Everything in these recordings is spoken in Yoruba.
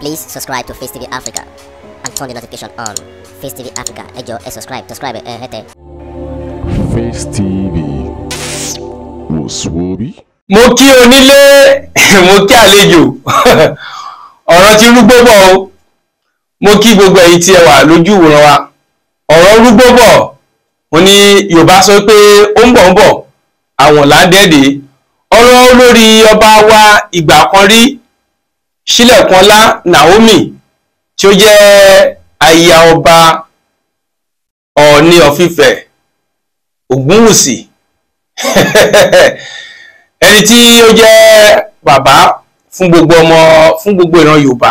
Please subscribe to Face TV Africa and turn the notification on. Face TV Africa, ẹ jọ̀ọ́ subscribe, subscribe eh? hẹ́tẹ̀. Face TV wò sùn orí. Mo kí onílé, mo kí àlejò, ọ̀rọ̀ ti rúgbó o. Mo kí gbogbo èyí tí ẹ wà lójú ìwòran wa. Ọ̀rọ̀ rúgbó bọ̀, mo ní Yorùbá sọ pé ó ń bọ̀ ń bọ̀, àwọn là wa ìgbà kan rí sílẹ̀kùnọlá Naomi tí ó jẹ́ aya ọba ọ̀ọ́ni ọ̀fífẹ́ Ògúnwùsì ẹni tí ó jẹ́ bàbá fún gbogbo ọmọ fún gbogbo ìran Yorùbá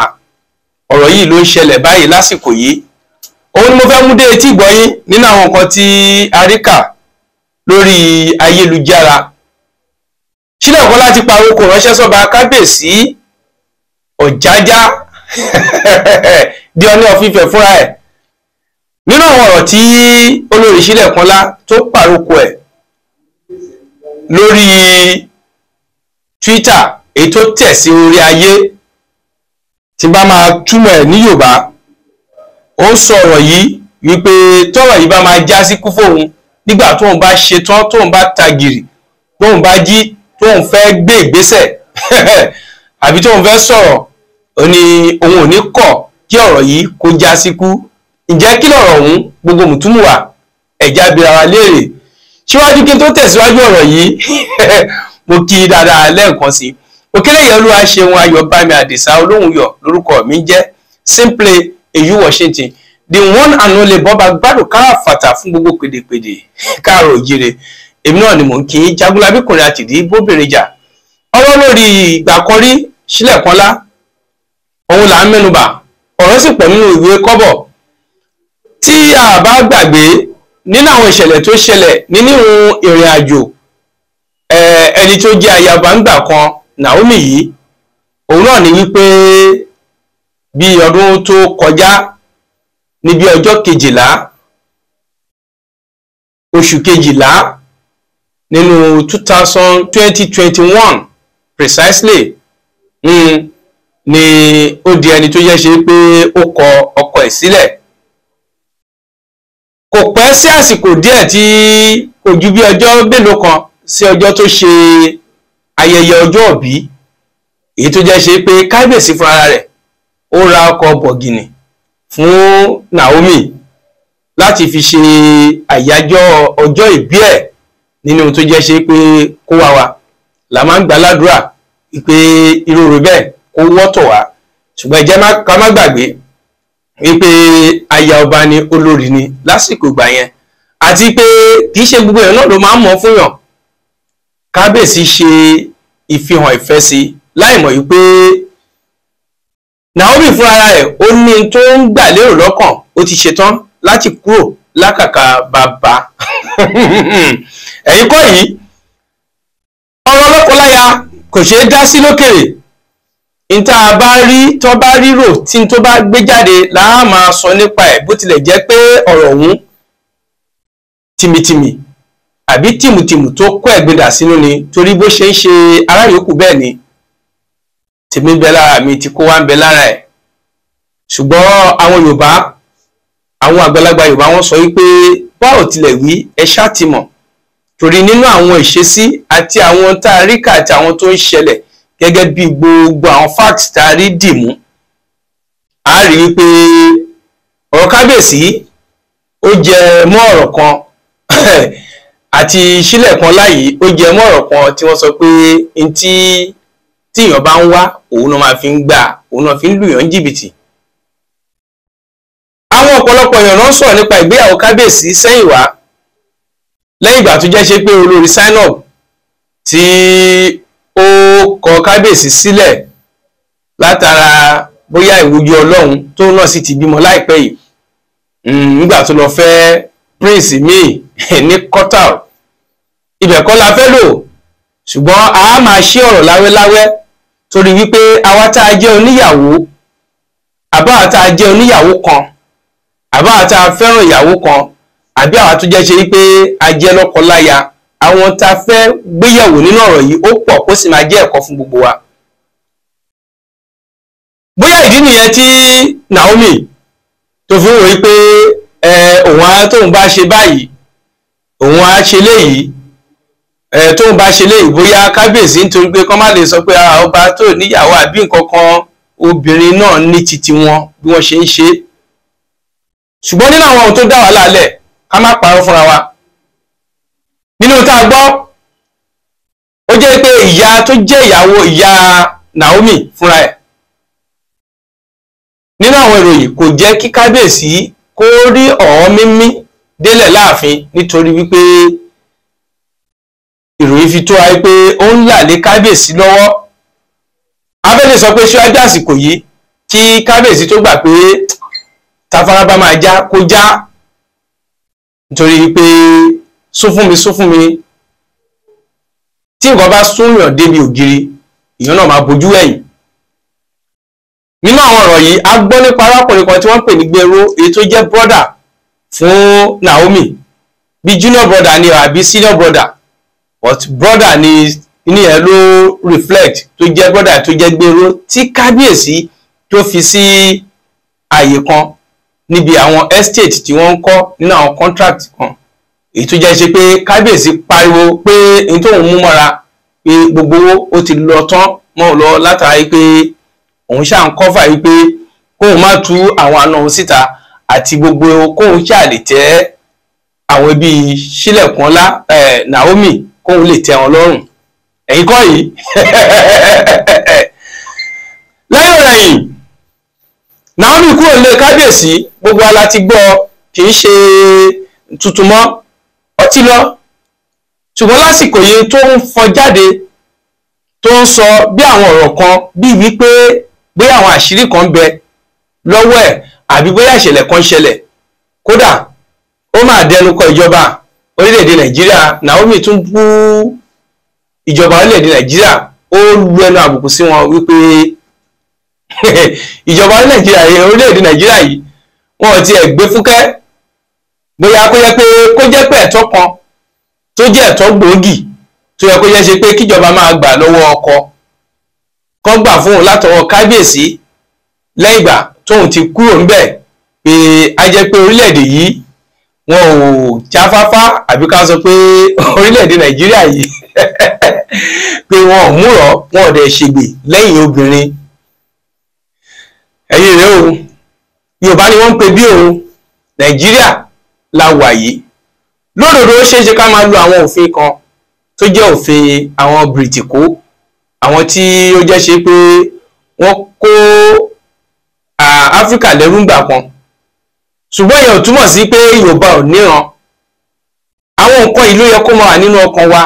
ọ̀rọ̀ yìí ló ń ṣẹlẹ̀ báyìí lásìkò yìí òun ni mo fẹ́ mú dé etí ìgbọ́yín nínú àwọn nǹkan tí a rí kà lórí ayélujára sílẹ̀kùnọlá ti pariwo kò ránṣẹ́ sọ́ba kábíyèsí ọ̀jájá di ọní ọ̀fífẹ́ fúnra ẹ̀ nínú àwọn ọ̀rọ̀ tí olórí Sílẹ̀kúnlá tó pàrókò ẹ̀ lórí Twitter èyí tó tẹ̀ sí orí ayé tí bá máa túmọ̀ ẹ̀ ní Yorùbá ó ń sọ ọ̀rọ̀ yìí wípé tọ́rọ̀ yìí bá máa já sí kú fóun nígbà tóun bá ṣe tán tóun bá ta gìrì tóun bá jí tóun fẹ́ gbé ìgbésẹ̀ àbí tóun fẹ́ sọ̀rọ̀ ó ní òun ò ní kọ̀ kí ọ̀rọ̀ yìí kó já síkú ǹjẹ́ kí lọ̀rọ̀ ọ̀hún gbogbo mùtúmùwà ẹ̀já bira wa léèrè síwájú kí n tó tẹ̀síwájú ọ̀rọ̀ yìí mo kí i dáadáa lẹ́ẹ̀kan sí òkèlè yẹn olúwa ṣeun ayọ̀ bámi àdìsá olóhùn yọ lórúkọ mi ń jẹ́ simple èyí Washington the one and only bọba gbádùn káàfàtà fún gbogbo pèdèpèdè káàrọ̀ òjire èmi náà ni mò ń kí jagunlabi àtìdí bóbìnrin jà ọwọ́ lórí ìgbà kan òun là ń mẹ́nubà ọ̀rọ̀ sì pọ̀ nínú ìwé kọ́bọ̀ tí a bá gbàgbé nínú àwọn ìṣẹ̀lẹ̀ tó ṣẹlẹ̀ nínú ìrìn àjò ẹni tó jẹ́ ayaba ńgbà kan Naomi yìí òun náà ní wípé bí ọdún tó kọjá ní ọjọ́ kejìlá oṣù kejìlá nínú two thousand twenty twenty one precisely. Mm ni ó di ẹni tó yẹ ṣe pé ó kọ ọkọ ẹ̀ sílẹ̀ kò pẹ́ sí àsìkò díẹ̀ tí kò ju bí ọjọ́ mélòó kan sí ọjọ́ tó ṣe ayẹyẹ ọjọ́ òbí èyí tó jẹ́ ṣe pé kábíyèsí fúnra rẹ̀ ó ra ọkọ̀ bọ̀gìnì fún Naomi láti fi ṣe àyájọ́ ọjọ́ ìbí ẹ̀ nínú tó jẹ́ ṣe pé kó wá wa la máa ń gbàládùra pé irú rẹ̀ bẹ́ẹ̀ kó wọ́tọ̀ wá ṣùgbọ́n ẹ̀jẹ̀ ká má gbàgbé wípé aya ọba ni olórí ni lásìkò ìgbà yẹn àti pé kì í ṣe gbogbo èèyàn náà ló máa ń mọ̀ fún yàn kábíyèsí ṣe ìfihàn ìfẹ́ sí láìmọ̀ yìí pé Naomi fún ẹ̀ ó ní tó ń gbà lérò lọ́kàn ó ti ṣetán láti kúrò lákàkà bàbá ẹ̀yin kọ́ yìí ọ̀rọ̀ lọ́kọláya kò ṣeé dá sí lókèrè n tá a bá rí tó bá rírò tí n tó bá gbé jáde là máa sọ nípa ẹ̀ bó tilẹ̀ jẹ́ pé ọ̀rọ̀ ọ̀hún tìmìtìmì àbí tìmùtìmù tó kó ẹ̀gbin sínú ni torí bó ṣe ń ṣe aráyòkú bẹ́ẹ̀ ni tèmi bẹ lára mi ti kó wá ń bẹ lára ẹ̀ ṣùgbọ́n àwọn Yorùbá àwọn àgbàlagbà Yorùbá wọ́n sọ wípé báwo tilẹ̀ wí ẹ ṣáàtìmọ̀ torí nínú àwọn ìṣesí àti àwọn tá a rí kà àti àwọn tó ń ṣẹlẹ̀ gẹ́gẹ́ bí gbogbo àwọn facts tá a rí dìmú a rí i pé ọ̀rọ̀ kábíyèsí ó jẹ mọ́ ọ̀rọ̀ kan àti sílẹ̀ kan láyìí ó jẹ mọ́ ọ̀rọ̀ kan tí wọ́n sọ pé n tí tíyàn bá ń wá òun náà máa fi ń gbà òun náà fi ń lùyàn jìbìtì àwọn ọ̀pọ̀lọpọ̀ èèyàn náà sọ̀rọ̀ nípa ìgbéyàwó kábíyèsí sẹ́yìn wá lẹ́yìn ìgbà tó jẹ́ ṣe pé olórí Zainab tí ó kọ kábíyèsí sílẹ̀ látara bóyá ìwúyọ ọlọ́run tó náà sì ti bímọ láìpẹ́ yìí hmm, nígbà tó lọ fẹ́ prince míì ní Qatar ibẹ̀ kọ́ la fẹ́ lò ṣùgbọ́n a máa ṣe ọ̀rọ̀ láwẹ́láwẹ́ torí wípé àwa tá a jẹ́ oníyàwó àbá tá a jẹ́ oníyàwó kan àbá tá a fẹ́ràn ìyàwó kan àbí àwa tó jẹ́ ṣe wípé a jẹ́ lọ́kọ láya àwọn tá a fẹ́ gbéyẹ̀wò nínú ọ̀rọ̀ yìí ó pọ̀ ó sì máa jẹ́ ẹ̀kọ́ fún gbogbo wa. bóyá ìdí nìyẹn tí Naomi tó fi ń wòye pé ẹ òun á tóun bá ṣe báyìí òun á ṣe léyìí ẹ tóun bá ṣe léyìí bóyá kábíyèsí nítorí pé kán má lè sọ pé ọba tó níyàwó àbí nǹkan kan obìnrin náà ní titi wọn bí wọ́n ṣe ń ṣe ṣùgbọ́n nínú àwọn ohun tó dá wàhálà lẹ̀ ká má parọ́ fúnra wa nínú tá a gbọ́ ó jẹ́ pé ìyá tó jẹ́ ìyàwó ìyá Naomi fúnra ẹ̀ nínú àwọn ìròyìn kò jẹ́ kí kábíyèsí kó rí ọ̀hún mímí délẹ̀ láàfin nítorí wípé ìròyìn fi tó ayé pé ó ń là lé kábíyèsí lọ́wọ́ abẹ́lẹ̀ sọ pé ṣíwájú àsìkò yìí kí kábíyèsí tó gbà pé tafaraba máa já kó já nítorí wípé sún fún mi sún fún mi tí nǹkan bá súnyàn débi ògiri èèyàn náà máa bojú ẹ̀yìn nínú àwọn ọ̀rọ̀ yìí a gbọ́ nípa arákùnrin kan tí wọ́n ń pè ní Gbèrò èyí tó jẹ́ brọ́dà fún Naomi bí junior brother ni àbí senior brother but brother ni ní ẹ ló reflect tó jẹ́ brother tó jẹ́ Gbèrò tí kábíyèsí tó fi sí àyè kan níbi àwọn estate tí wọ́n ń kọ́ nínú àwọn contract kan ìtújẹ́ ṣe pé kábíyèsí pariwo pé n tóun mú mọ́ra pé gbogbo owó ó ti lọ tán mọ́ ọ lọ látara pé òun ṣáà ń kọ́fà wípé kóun má tú àwọn àna òun síta àti gbogbo kóun ṣáà lè tẹ́ àwọn ẹbí sílẹ̀kùn ọlá Naomi kóun lè tẹ́ wọn lọ́rùn ẹ̀yin kọ́ yìí lẹ́yìn ẹ̀yìn Naomi kúrò nílé kábíyèsí gbogbo ala ti gbọ́ kì í ṣe tuntun mọ́ ti lọ ṣùgbọ́n lásìkò yìí tó ń fọn jáde tó ń sọ bí àwọn ọ̀rọ̀ kan bíi wípé pé àwọn àṣírí kan ń bẹ lọ́wọ́ ẹ̀ àbí bóyá ìṣẹ̀lẹ̀ kan ṣẹlẹ̀ kódà ó máa dẹnu kọ ìjọba orílẹ̀-èdè nàìjíríà Naomi tún bú ìjọba orílẹ̀-èdè nàìjíríà ó lu ẹnu àbùkù sí wọn wípé ìjọba orílẹ̀-èdè nàìjíríà yìí wọn ò tiẹ̀ gbé fúkẹ́ bóyá kó yẹ pé kó jẹ́ pé ẹ̀tọ́ kan tó jẹ́ ẹ̀tọ́ gbòógì tó yẹ kó yẹ ṣe pé kíjọba máa gbà lọ́wọ́ ọkọ kó gbà fóun látọwọ́ kábíyèsí lẹ́yìn ìgbà tóun ti kúrò ńbẹ̀ pé a jẹ́ pé orílẹ̀-èdè yìí wọn ò jáfáfá àbí ká sọ pé orílẹ̀-èdè nàìjíríà yìí pé wọn ò múrọ̀ wọn ò dẹ̀ ṣègbè lẹ́yìn obìnrin ẹ̀yin rẹ̀ o yorùbá ni wọ́n ń pè bí òun nàìjíríà la wà yìí lódodo ó ṣeéṣe ká máa lo àwọn òfin kan tó jẹ́ òfin àwọn bìrìtìkó àwọn tí ó jẹ́ ṣe pé wọ́n kó áfíríkà lẹ́rú ńgbà kan ṣùgbọ́n ìyẹn ò túmọ̀ sí pé yorùbá ò níran àwọn nǹkan yìí ló yẹ kó máa wà nínú ọkàn wa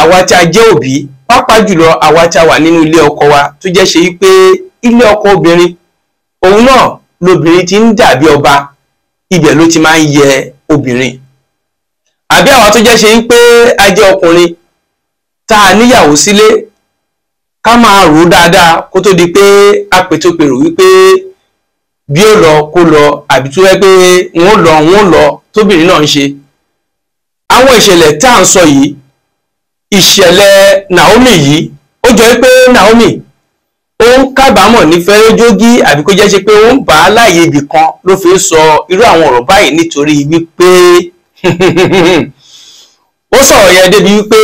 àwa tí a jẹ́ òbí pàápàá jùlọ àwa tí a wà nínú ilé ọkọ wa tó jẹ́ ṣe pé ilé ọkọ obìnrin òun náà lobìnrin ti ń dàbí ọba ibẹ̀ ló ti máa ń yẹ obìnrin àbí àwọn tó jẹ́ ṣe pé a jẹ́ ọkùnrin tá a níyàwó sílé ká máa rò ó dáadáa kó tó di pé apètòpèrò wípé bí ó lọ kó lọ àbí tó yẹ pé n ó lọ n lọ tóbìnrin náà ń ṣe àwọn ìṣẹ̀lẹ̀ tá à ń sọ yìí ìṣẹ̀lẹ̀ Naomi yìí ó jọ pé Naomi ó ń kábàámọ̀ nífẹ̀ẹ́ lójógí àbí kó jẹ́ ṣe pé ó ń bà á kan ló fi sọ irú àwọn ọ̀rọ̀ báyìí nítorí wípé ó sọ̀rọ̀ yẹn débi wípé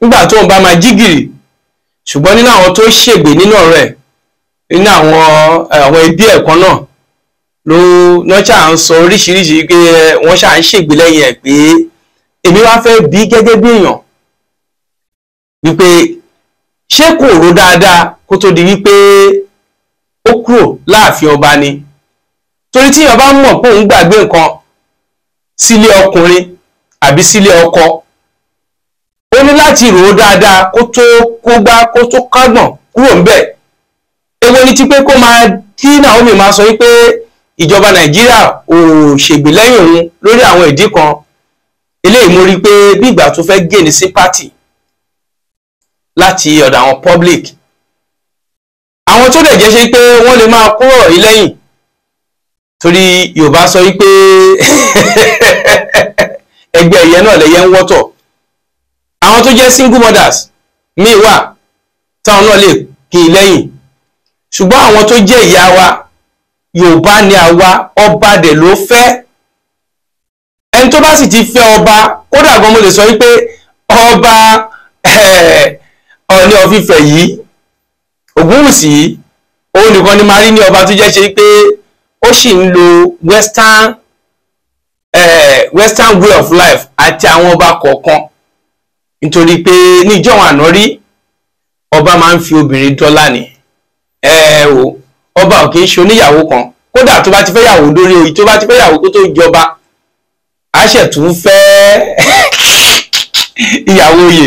nígbà tó ń bá máa jí gìrì ṣùgbọ́n nínú àwọn tó ṣègbè nínú ọ̀rọ̀ nínú àwọn eh, àwọn ẹbí kan náà ló náà ṣáà ń sọ oríṣiríṣi pé eh, wọ́n ṣáà ń ṣègbè lẹ́yìn ẹ̀ pé èmi wá fẹ́ bí gẹ́gẹ́ bí èèyàn wípé ṣé kó tó di wípé ó kúrò láàfin ọba ni torí tí èèyàn bá mọ̀ pé òun gbàgbé nǹkan sílé ọkùnrin àbí sílé ọkọ ó ní láti rò ó dáadáa kó tó kógbá kó tó kágbọ̀n kúrò ńbẹ̀ èwo ni ti pé kó máa kí Naomi máa sọ wípé ìjọba Nàìjíríà ò ṣègbè lẹ́yìn òun lórí àwọn ìdí kan eléyìí mo rí i pé bí ìgbà tó fẹ́ gé ní sí pátì láti ọ̀dọ̀ àwọn public àwọn tó dẹ̀ jẹ́ ṣe pé wọ́n lè máa kúrò yìí lẹ́yìn torí Yorùbá sọ wípé ẹgbẹ́ ẹ̀yẹ náà lẹ́yẹ ń wọ́tọ̀ àwọn tó jẹ́ single mothers míì wà táwọn náà lè kì í lẹ́yìn ṣùgbọ́n àwọn tó jẹ́ ìyá wa Yorùbá ni àwa ọba dẹ̀ ló fẹ́ ẹni tó bá sì ti fẹ́ ọba kódà gan mo lè sọ wípé ọba Ọọ̀ni of yìí Ògúnwùsì òun nìkan ni màá rí ní ọba tó jẹ́ ṣe pé ó sì ń lo western eh, western way of life àti àwọn ọba kọ̀ọ̀kan nítorí pé níjọ́wọ̀n àná rí ọba máa ń fi obìnrin dọ́là ni ẹ o ọba ò kì í ṣe oníyàwó kan kódà tó bá ti fẹ́ yàwó lórí oyè tó bá ti fẹ́ yàwó kó tó jọba àṣẹ tún fẹ́ ìyàwó oyè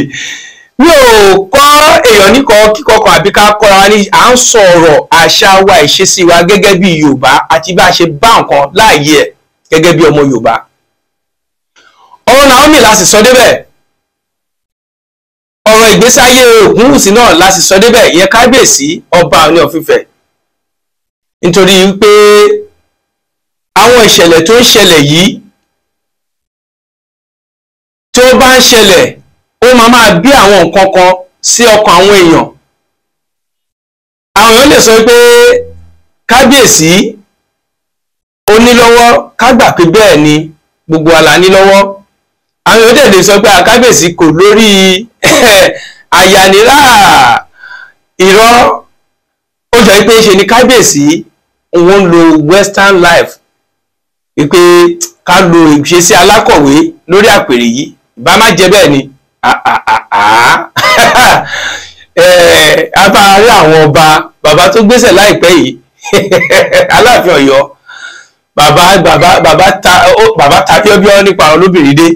mi ò kọ́ èèyàn níkọ kíkọkọ àbí ká kọ́ra wa ní à ń sọ̀rọ̀ àṣà wa ìṣesí wa gẹ́gẹ́ bí Yorùbá àti bá a ṣe bá nǹkan láàyè ẹ̀ gẹ́gẹ́ bí ọmọ Yorùbá ọ̀rọ̀ Naomi la sì sọ débẹ̀ ọ̀rọ̀ ìgbésí ayé Ògúnwùsì náà la sì sọ débẹ̀ ìyẹn kábíyèsí ọba Ọọ̀ni of Ifẹ̀ nítorí pé àwọn ìṣẹ̀lẹ̀ tó ń ṣẹlẹ̀ yìí tó bá ń ṣẹlẹ̀ ó máa máa bí àwọn nǹkan kan sí ọkàn àwọn èèyàn àwọn èèyàn lè sọ pé kábíyèsí ó ní lọ́wọ́ ká gbà pé bẹ́ẹ̀ ni gbogbo àlá ní lọ́wọ́ àwọn èèyàn dẹ̀ lè sọ pé àkábíyèsí kò lórí àyànírà irọ́ ó jọ pé ṣe ni kábíyèsí òun ń lo western life wípé ká lo ìṣesí alákọ̀wé lórí àpèrè yìí ìbá má jẹ bẹ́ẹ̀ ni Ah, ah, ah, eh, a máa rí àwọn ọba bàbá tó gbéṣẹ̀ láìpẹ́ yìí aláàfin Ọ̀yọ́ bàbá bàbá bàbá ta bàbá ta bíọ́bíọ́ nípa àwọn olóbìnrin dé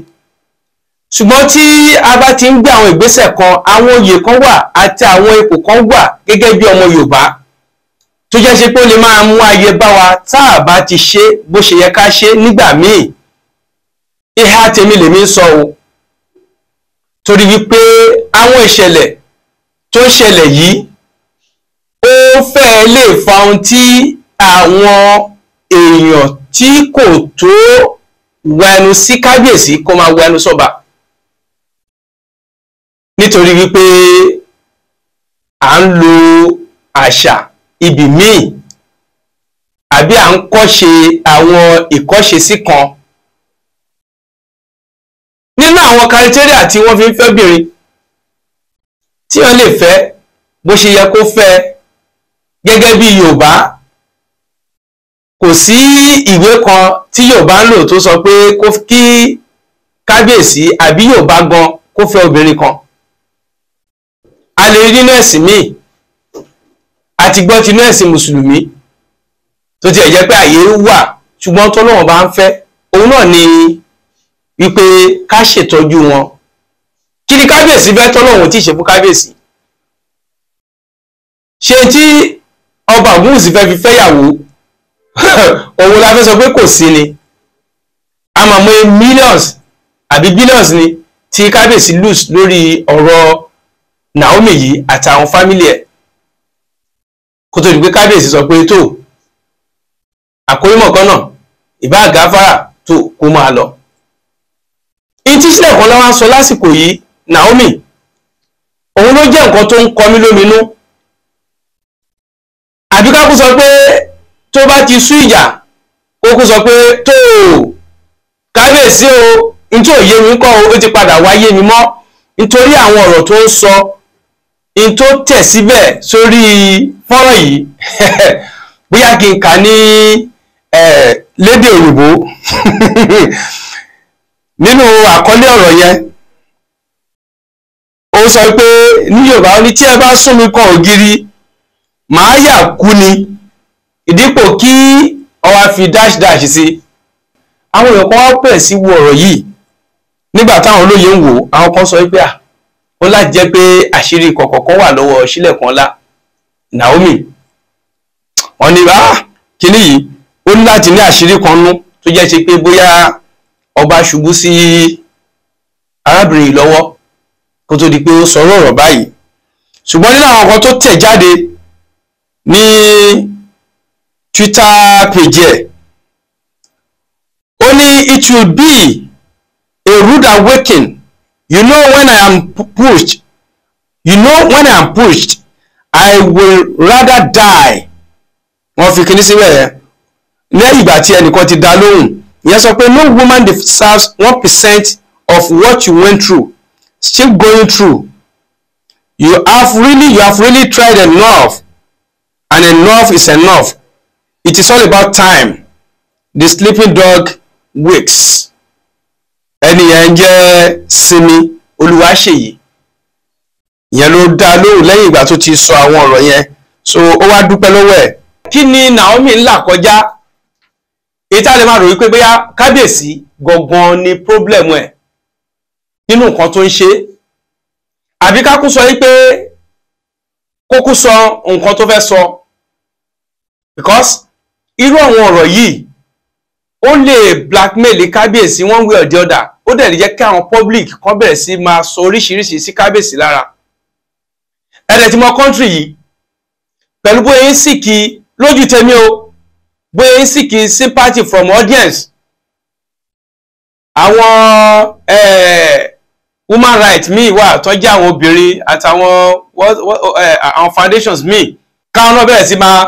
ṣùgbọ́n tí a bá ti ń gbé àwọn ìgbésẹ̀ kan àwọn oyè kan wà àti àwọn ipò kan wà gẹ́gẹ́ bí ọmọ Yorùbá tó jẹ́ ṣe pé ó lè máa mú ayé bá wa tá a bá ti ṣe bó ṣe yẹ ká ṣe nígbà míì ìhà tèmi lèmi ń sọ o torí wípé àwọn ìṣẹ̀lẹ̀ tó ń ṣẹlẹ̀ yìí ó fẹ́ẹ́ lè fa ohun tí àwọn èèyàn tí kò tó wẹnu sí kábíyèsí kó máa wẹnu sọ́ba nítorí wípé à ń lo àṣà ibì míì àbí à ń kọ́ṣe àwọn ìkọ́ṣesí kan nínú àwọn kárítẹ́rìà tí wọ́n fi ń fẹ́ bìnrin tí wọ́n lè fẹ́ bó ṣe yẹ kó fẹ́ gẹ́gẹ́ bí Yorùbá kò sí ìwé kan tí Yorùbá ń lò tó sọ pé kó kí kábíyèsí àbí Yorùbá gan kó fẹ́ obìnrin kan a lè rí nínú ẹ̀sìn míì àti gbọ́ tinú ẹ̀sìn mùsùlùmí tó tiẹ̀ jẹ́ pé àyè wà ṣùgbọ́n tọ́lọ́wọ́n bá ń fẹ́ òun náà ni wípé ká ṣètọ́jú wọn kí ni kábíyèsí bẹ́ẹ̀ tọ́lọ́hún tí ì ṣe fún kábíyèsí ṣe tí ọba ògúnwùsì fẹ́ fi fẹ́yàwó òun la fẹ́ sọ pé kò sí ni a máa mọ millions àbí billions ni tí kábíyèsí lose lórí ọ̀rọ̀ Naomi yìí àtàwọn fámìlì ẹ̀ kó tó di pé kábíyèsí sọ pé tó àkórímọ̀ kan náà ìbá àgáfàrà tó kó máa lọ. ìtí sí ẹ̀kọ́ lọ́wọ́ sọ lásìkò yìí Naomi òun ló jẹ́ nǹkan tó ń kọ lóminú àbí sọ pé tó bá ti sú ìjà kókú sọ pé tó o kábíyèsí o n tí ò yé mi o ti padà wáyé mi mọ́ nítorí àwọn ọ̀rọ̀ tó ń sọ n tó tẹ̀ síbẹ̀ sórí fọ́nrán yìí bóyá kí n kà ní eh, lédè òyìnbó nínú àkọlé ọ̀rọ̀ yẹn ó sọ pé ní Yorùbá ó ní tí ẹ bá sún mi kan ògiri màá yà kú ni ìdípò kí ọwá fi dash dash sí àwọn èèyàn kan wá bẹ̀rẹ̀ sí wo ọ̀rọ̀ yìí nígbà táwọn olóye ń wò ó àwọn kan sọ pé à ó láti jẹ́ pé àṣírí kọ̀ọ̀kan kan wà lọ́wọ́ sílẹ̀kùn ọlá Naomi wọn ni bá kínní yìí ó ní láti ní àṣírí kan nú tó jẹ́ ṣe pé bóyá ọba ṣubú sí arábìnrin yìí lọ́wọ́ kó tó di pé ó sọ̀rọ̀ ọ̀rọ̀ báyìí ṣùgbọ́n nínú àwọn kan tó tẹ̀ jáde ní Twitter page ẹ̀ ó ní it will be a rude awakening you know when I am pushed you know when I am pushed I will rather die wọ́n fi kinní síbẹ̀ yẹn lẹ́yìn ìgbà tí ẹnìkan ti dá lóhùn ìyẹn sọ pé no woman deserves one percent of what you went through still going through you have really you have really tried enough and enough is enough it is all about time the sleeping dog wakes ẹni yẹn jẹ́ Simi Olúwaṣèyí ìyẹn ló dá lóhùn lẹ́yìn ìgbà tó ti sọ àwọn ọ̀rọ̀ yẹn so ó wá dúpẹ́ lọ́wọ́ ẹ̀. kí ni Naomi ń là kọjá èyí tá a lè máa rò wípé bóyá kábíyèsí gangan ni problem ẹ̀ nínú nǹkan tó ń ṣe àbí ká kú sọ wípé kókú sọ nǹkan tó fẹ́ sọ because irú àwọn ọ̀rọ̀ yìí ó lè blackmail kábíyèsí one way or the other ó dẹ̀ lè jẹ́ kí àwọn public kan bẹ̀rẹ̀ sí máa sọ oríṣiríṣi sí kábíyèsí lára ẹ̀rẹ̀ tí mo country yìí pẹ̀lú bóyá ń sì kí lójú tèmi o gbé seeking sympathy from audience àwọn eh, human rights míì wà tó jẹ́ àwọn obìnrin àtàwọn eh, àwọn foundations míì káwọn náà bẹ̀rẹ̀ sí máa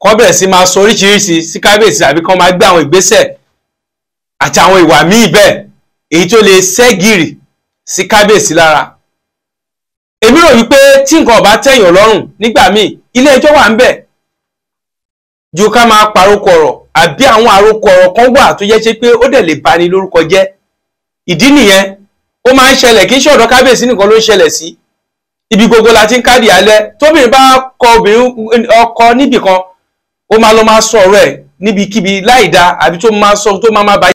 kọ́ bẹ̀rẹ̀ sí máa sọ oríṣiríṣi sí kábíyèsí àbí kán máa gbé àwọn ìgbésẹ̀ àti àwọn ìwà míì bẹ́ẹ̀ èyí tó lè ṣẹ́gìrì sí kábíyèsí lára èmi rò wípé tí nǹkan ò bá tẹ̀yàn lọ́rùn nígbà míì ilé ẹjọ́ wà ń bẹ̀ ju ká máa parókọ ọ̀rọ̀ àbí àwọn àròkọ ọ̀rọ̀ kan wà tó yẹ ṣe pé ó dẹ̀ lè bani lórúkọ jẹ́ ìdí nìyẹn ó máa ń ṣẹlẹ̀ kí ṣọ̀dọ̀ kábíyèsí nìkan ló ń ṣẹlẹ̀ sí ibi gbogbo la ti ń kádìí alẹ́ tóbìnrin bá kọ obìnrin ọkọ níbì ó máa lọ máa sọ ọ̀rọ̀ ẹ̀ níbikíbi láì àbí tó máa sọ tó máa máa bá